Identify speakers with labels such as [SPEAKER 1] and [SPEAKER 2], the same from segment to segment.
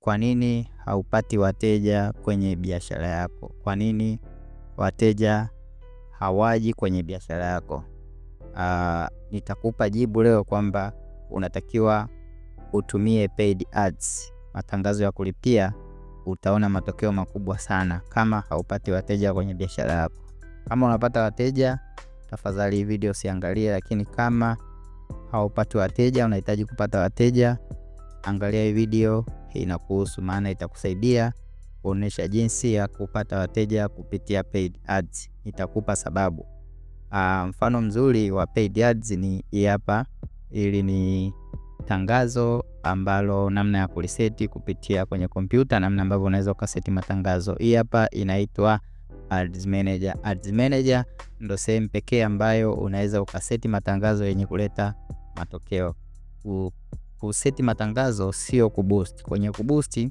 [SPEAKER 1] Kwa nini haupati wateja kwenye biashara yako? Kwa nini wateja hawaji kwenye biashara yako? Aa, ah, nitakupa jibu leo kwamba unatakiwa utumie paid ads, matangazo ya kulipia. Utaona matokeo makubwa sana kama haupati wateja kwenye biashara yako. Kama unapata wateja, tafadhali video siangalie, lakini kama haupati wateja, unahitaji kupata wateja, angalia hii video inakuhusu, maana itakusaidia kuonesha jinsi ya kupata wateja kupitia paid ads. Itakupa sababu. Uh, mfano mzuri wa paid ads ni hapa. Ili ni tangazo ambalo namna ya kuliseti kupitia kwenye kompyuta, namna ambavyo unaweza ukaseti matangazo. Hii hapa inaitwa Ads Manager. Ads Manager ndo sehemu pekee ambayo unaweza ukaseti matangazo yenye kuleta matokeo kuseti matangazo sio kuboost. Kwenye kuboost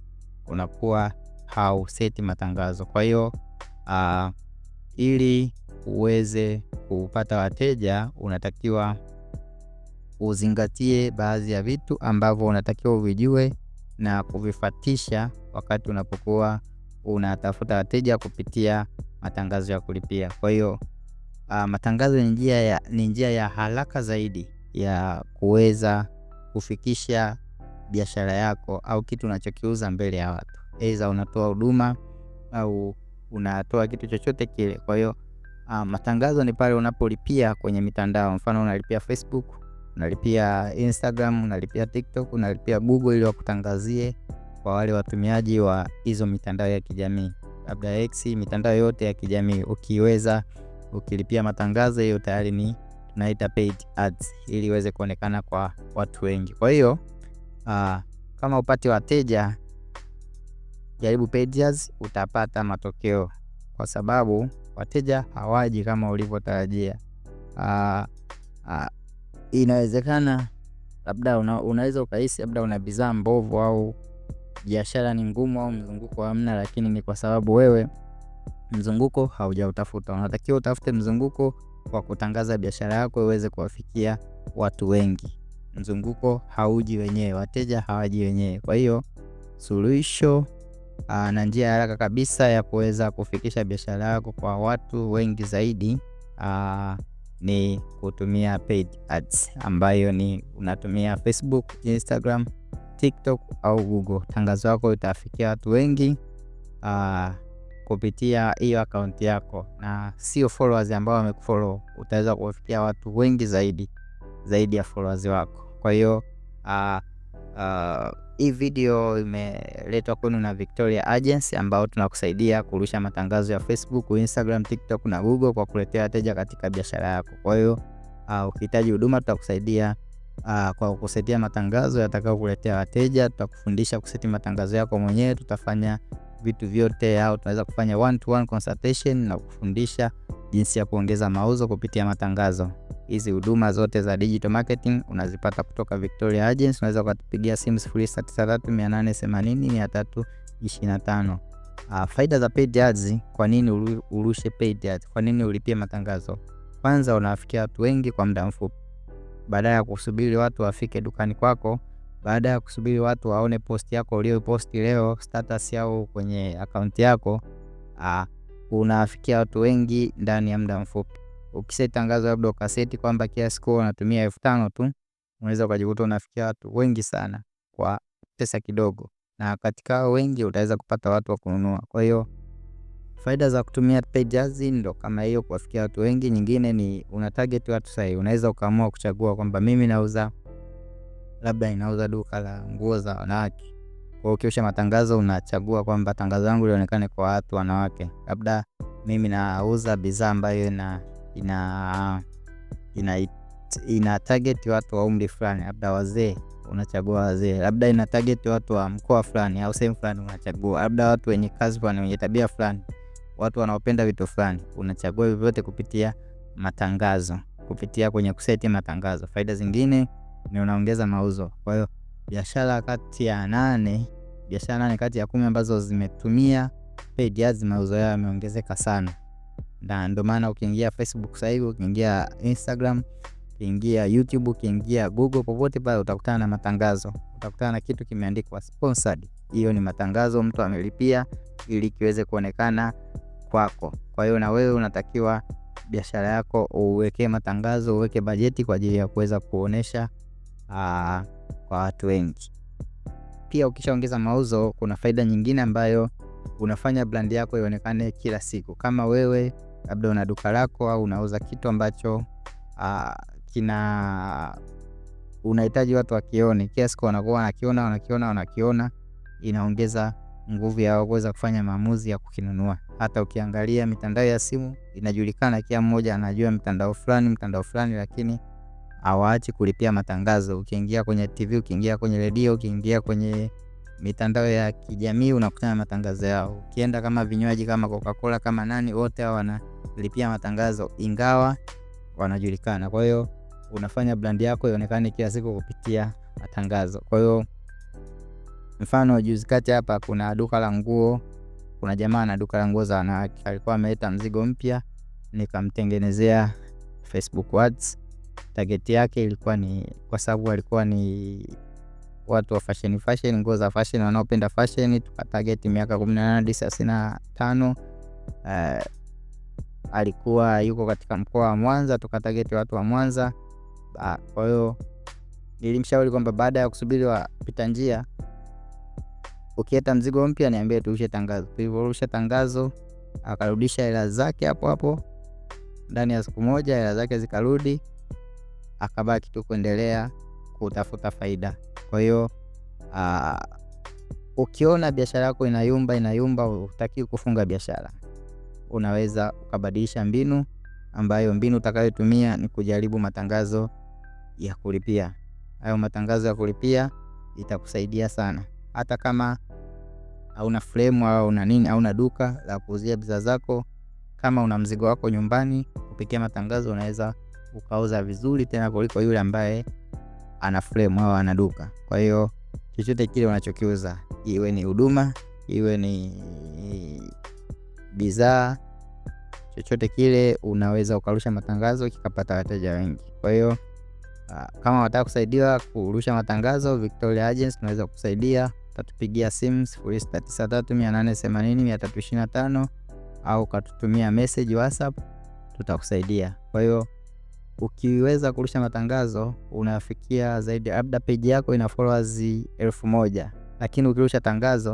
[SPEAKER 1] unakuwa hauseti matangazo. Kwa hiyo uh, ili uweze kupata wateja unatakiwa uzingatie baadhi ya vitu ambavyo unatakiwa uvijue na kuvifatisha wakati unapokuwa unatafuta wateja kupitia matangazo ya kulipia. Kwa hiyo uh, matangazo ni njia ya, ni njia ya haraka zaidi ya kuweza kufikisha biashara yako au kitu unachokiuza mbele ya watu, aidha unatoa huduma au unatoa kitu chochote kile. Kwa hiyo uh, matangazo ni pale unapolipia kwenye mitandao, mfano unalipia Facebook, unalipia Instagram, unalipia TikTok, unalipia Google ili wakutangazie kwa wale watumiaji wa hizo mitandao ya kijamii, labda X, mitandao yote ya kijamii ukiweza, ukilipia matangazo, hiyo tayari ni tunaita paid ads ili iweze kuonekana kwa watu wengi. Kwa hiyo uh, kama upate wateja, jaribu paid ads, utapata matokeo kwa sababu wateja hawaji kama ulivyotarajia. Uh, uh, inawezekana labda una, unaweza ukahisi labda una bidhaa mbovu au biashara ni ngumu au mzunguko hamna, lakini ni kwa sababu wewe mzunguko haujautafuta. Unatakiwa utafute mzunguko kwa kutangaza biashara yako iweze kuwafikia watu wengi. Mzunguko hauji wenyewe, wateja hawaji wenyewe. Kwa hiyo suluhisho na njia ya haraka kabisa ya kuweza kufikisha biashara yako kwa watu wengi zaidi aa, ni kutumia paid ads ambayo ni unatumia Facebook, Instagram, TikTok au Google. Tangazo lako itawafikia watu wengi aa, kupitia hiyo akaunti yako, na sio followers ambao wamekufollow. Utaweza kuwafikia watu wengi zaidi zaidi ya followers wako. Kwa hiyo uh, uh, hii video imeletwa kwenu na Victoria Agency ambao tunakusaidia kurusha matangazo ya Facebook, Instagram, TikTok na Google kwa kuletea wateja katika biashara yako. Kwa hiyo uh, ukihitaji huduma tutakusaidia uh, kwa kusetia matangazo yatakayokuletea wateja. Tutakufundisha kuseti matangazo yako mwenyewe, tutafanya vitu vyote, au tunaweza kufanya one to one consultation na kufundisha jinsi ya kuongeza mauzo kupitia matangazo. Hizi huduma zote za digital marketing unazipata kutoka Victoria Agency. Unaweza ukatupigia simu 0693 880 325. Faida za paid ads, kwa nini urushe paid ads? Kwa nini ulipie matangazo? Kwanza unawafikia watu wengi kwa muda mfupi, badala ya kusubiri watu wafike dukani kwako baada ya kusubiri watu waone posti yako ulioposti leo status yao kwenye akaunti yako, ah, unawafikia watu wengi ndani ya muda mfupi. Ukiseti tangazo labda ukaseti kwamba kila siku unatumia elfu tano tu, unaweza ukajikuta unafikia watu wengi sana kwa pesa kidogo, na katika wengi utaweza kupata watu wa kununua. Kwa hiyo faida za kutumia page ads ndo kama hiyo, kuwafikia watu wengi. Nyingine ni una target watu sahihi, unaweza ukaamua kuchagua kwamba mimi nauza labda inauza duka la nguo za wanawake. Kwa ukiosha matangazo unachagua kwamba tangazo langu lionekane kwa watu wanawake, labda mimi nauza bidhaa ambayo ina ina ina ina target watu wa umri fulani, labda wazee, unachagua wazee. Labda ina target watu wa mkoa fulani au sehemu fulani, unachagua labda watu wenye kazi fulani, wenye tabia fulani, watu wanaopenda vitu fulani. Unachagua hivyo kupitia matangazo, kupitia kwenye kuseti matangazo. Faida zingine ni unaongeza mauzo. Kwa hiyo biashara kati ya nane, biashara nane kati ya kumi ambazo zimetumia paid ads mauzo yao yameongezeka sana, na ndio maana ukiingia Facebook sasa hivi, ukiingia Instagram, ukiingia YouTube, ukiingia Google, popote pale utakutana na matangazo, utakutana na kitu kimeandikwa sponsored. Hiyo ni matangazo, mtu amelipia ili kiweze kuonekana kwako. Kwa hiyo na wewe unatakiwa biashara yako uweke matangazo, uweke bajeti kwa ajili ya kuweza kuonesha aa, kwa watu wengi. Pia ukishaongeza mauzo, kuna faida nyingine ambayo unafanya brand yako ionekane kila siku. Kama wewe labda una duka lako au unauza kitu ambacho aa, kina unahitaji watu wakione, kila siku, wanakuwa wanakiona wanakiona wanakiona, inaongeza nguvu yao kuweza kufanya maamuzi ya kukinunua. Hata ukiangalia mitandao ya simu inajulikana, kila mmoja anajua mtandao fulani mtandao fulani, lakini hawaachi kulipia matangazo. Ukiingia kwenye TV, ukiingia kwenye redio, ukiingia kwenye mitandao ya kijamii unakutana matangazo yao. Ukienda kama vinywaji kama Coca-Cola kama nani, wote hao wanalipia matangazo, ingawa wanajulikana. Kwa hiyo unafanya brand yako ionekane kila siku kupitia matangazo. Kwa hiyo mfano juzi kati hapa kuna duka la nguo, kuna jamaa na duka la nguo za wanawake alikuwa ameleta mzigo mpya, nikamtengenezea Facebook ads target yake ilikuwa ni kwa sababu walikuwa ni watu wa fashion fashion, nguo za fashion, wanaopenda fashion. Tukatarget miaka 18 35. Uh, alikuwa yuko katika mkoa wa Mwanza, tukatarget watu wa Mwanza. Kwa hiyo nilimshauri kwamba baada ya kusubiri wapita njia, ukileta mzigo mpya niambie turushe tangazo. Tulivyorusha tangazo, akarudisha hela zake hapo hapo ndani ya siku moja, hela zake zikarudi akabaki tu kuendelea kutafuta faida. Kwa hiyo ukiona biashara yako inayumba inayumba, hutaki kufunga biashara, unaweza ukabadilisha mbinu, ambayo mbinu utakayotumia ni kujaribu matangazo ya kulipia. Hayo matangazo ya kulipia itakusaidia sana, hata kama hauna fremu au una nini au una duka la kuuzia bidhaa zako, kama una mzigo wako nyumbani, kupitia matangazo unaweza ukauza vizuri tena kuliko yule ambaye ana frame au ana duka. Kwa hiyo chochote kile unachokiuza, iwe ni huduma, iwe ni bidhaa, chochote kile unaweza ukarusha matangazo kikapata wateja wengi. Kwa hiyo ah, kama unataka kusaidiwa kurusha matangazo, Victoria Agency tunaweza kukusaidia. Utatupigia simu 0693880325 au ukatutumia message WhatsApp, tutakusaidia. Kwa hiyo ukiweza kurusha matangazo unafikia zaidi, labda peji yako ina followers elfu moja lakini ukirusha tangazo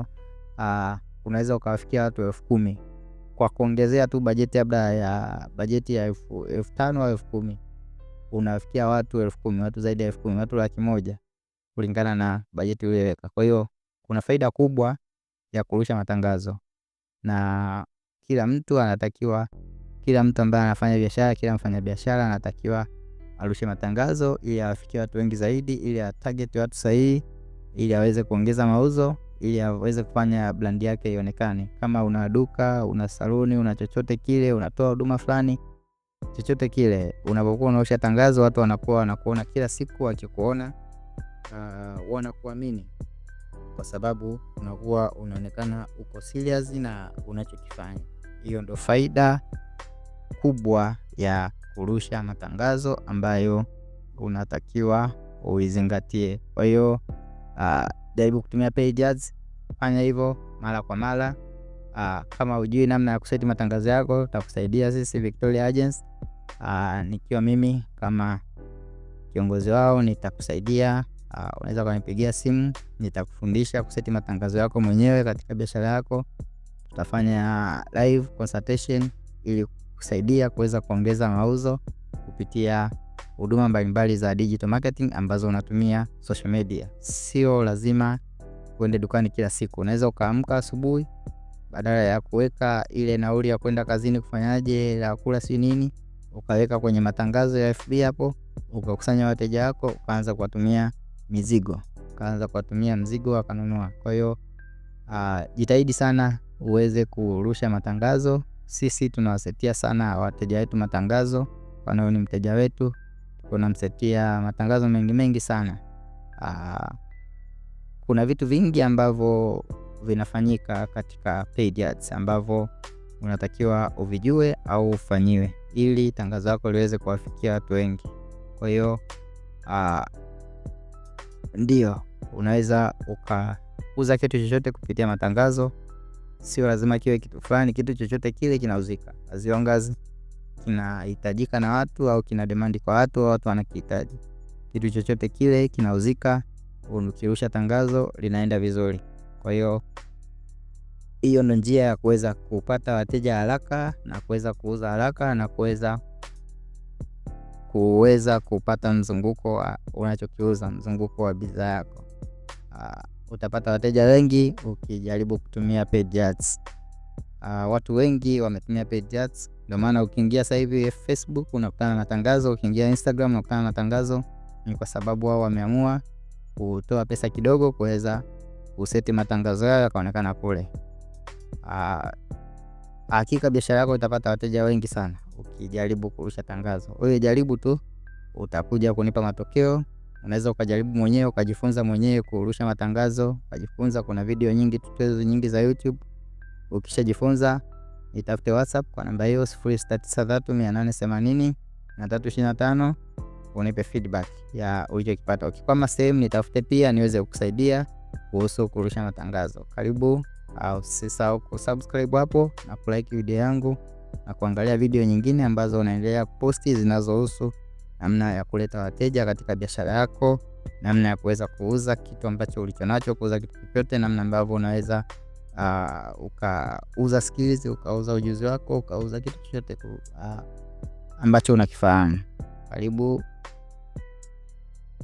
[SPEAKER 1] uh, unaweza ukawafikia watu elfu kumi kwa kuongezea tu bajeti labda ya bajeti ya elfu elfu tano au elfu kumi unawafikia watu elfu kumi watu zaidi ya elfu kumi watu laki moja kulingana na bajeti uliyoweka. Kwa hiyo kuna faida kubwa ya kurusha matangazo na kila mtu anatakiwa kila mtu ambaye anafanya biashara, kila mfanyabiashara anatakiwa arushe matangazo ili awafikie watu wengi zaidi, ili atarget watu sahihi, ili aweze kuongeza mauzo, ili aweze kufanya brand yake ionekane. Kama una duka, una saluni, una chochote kile, unatoa huduma fulani, chochote kile, unapokuwa unaosha tangazo, watu wanakuwa wanakuona kila siku, wakikuona uh, wanakuamini kwa sababu unakuwa unaonekana uko serious na unachokifanya. Hiyo ndo faida kubwa ya kurusha matangazo ambayo unatakiwa uizingatie. Kwa hiyo uh, jaribu kutumia paid ads, fanya hivyo mara kwa mara. Uh, kama ujui namna ya kuseti matangazo yako, tutakusaidia sisi Victoria Agents. Uh, nikiwa mimi kama kiongozi wao nitakusaidia. Uh, unaweza kunipigia simu, nitakufundisha kuseti matangazo yako mwenyewe katika biashara yako. Tutafanya live consultation ili kusaidia kuweza kuongeza mauzo kupitia huduma mbalimbali za digital marketing ambazo unatumia social media. Sio lazima uende dukani kila siku, unaweza ukaamka asubuhi, badala ya kuweka ile nauli ya kwenda kazini kufanyaje la kula si nini, ukaweka kwenye matangazo ya FB hapo, ukakusanya wateja wako, ukaanza kuwatumia mizigo, ukaanza kuwatumia mzigo akanunua. Kwa hiyo uh, jitahidi sana uweze kurusha matangazo sisi tunawasetia sana wateja wetu matangazo. Kwa ni mteja wetu tunamsetia matangazo mengi mengi sana. Aa, ah, kuna vitu vingi ambavyo vinafanyika katika paid ads ambavyo unatakiwa uvijue au ufanyiwe ili tangazo lako liweze kuwafikia watu wengi. Kwa hiyo ah, ndio unaweza ukauza kitu chochote kupitia matangazo sio lazima kiwe kitu fulani, kitu chochote kile kinauzika. long as kinahitajika na watu au kina demand kwa watu au watu wanakihitaji. Kitu chochote kile kinauzika, ukirusha tangazo linaenda vizuri. Kwa hiyo hiyo ndo njia ya kuweza kupata wateja haraka na kuweza kuuza haraka na kuweza kuweza kupata mzunguko wa unachokiuza, mzunguko wa bidhaa yako. Ah, utapata wateja wengi ukijaribu kutumia paid ads. Uh, watu wengi wametumia paid ads, ndio maana ukiingia sasa hivi Facebook unakutana na tangazo, ukiingia Instagram unakutana na tangazo. Ni kwa sababu wao wameamua kutoa pesa kidogo kuweza kuseti matangazo yao yakaonekana kule. Ah, hakika Uh, biashara yako utapata wateja wengi sana ukijaribu kurusha tangazo. Wewe jaribu tu, utakuja kunipa matokeo unaweza ukajaribu mwenyewe ukajifunza mwenyewe kurusha matangazo, ukajifunza. Kuna video nyingi, tutorials nyingi za YouTube. Ukishajifunza nitafute WhatsApp kwa namba hiyo 0693880325 unipe feedback ya ulichokipata. Ukikwama sehemu nitafute pia niweze kukusaidia kuhusu kurusha matangazo. Karibu, au usisahau kusubscribe hapo na kulike video yangu na kuangalia video nyingine ambazo unaendelea kuposti zinazohusu namna ya kuleta wateja katika biashara yako, namna ya kuweza kuuza kitu ambacho ulichonacho, kuuza kitu chochote, namna ambavyo unaweza uh, ukauza skills, ukauza ujuzi wako, ukauza kitu chochote uh, ambacho unakifahamu. Karibu.